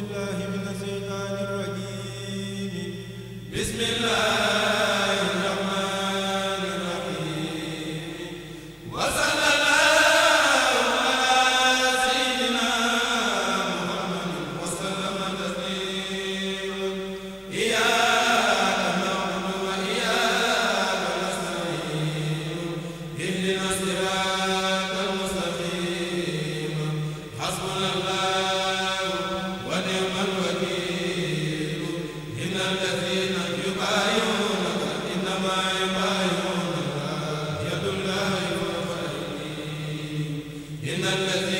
بالله من الشيطان الرجيم بسم الله innal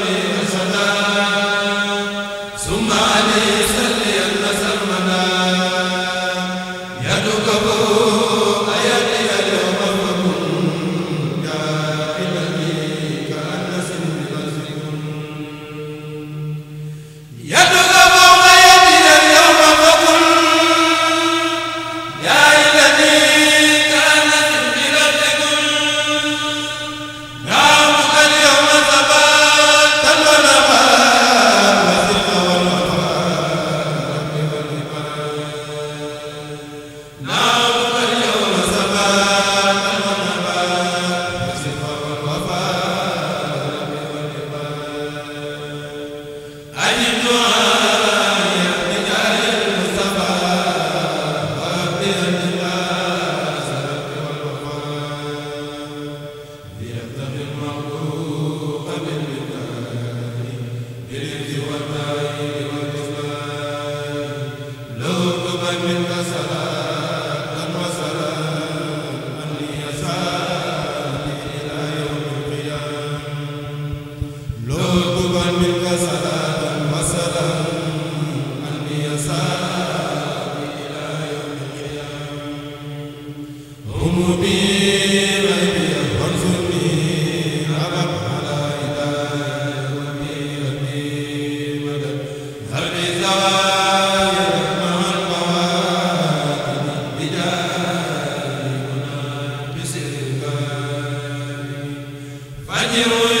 na ajru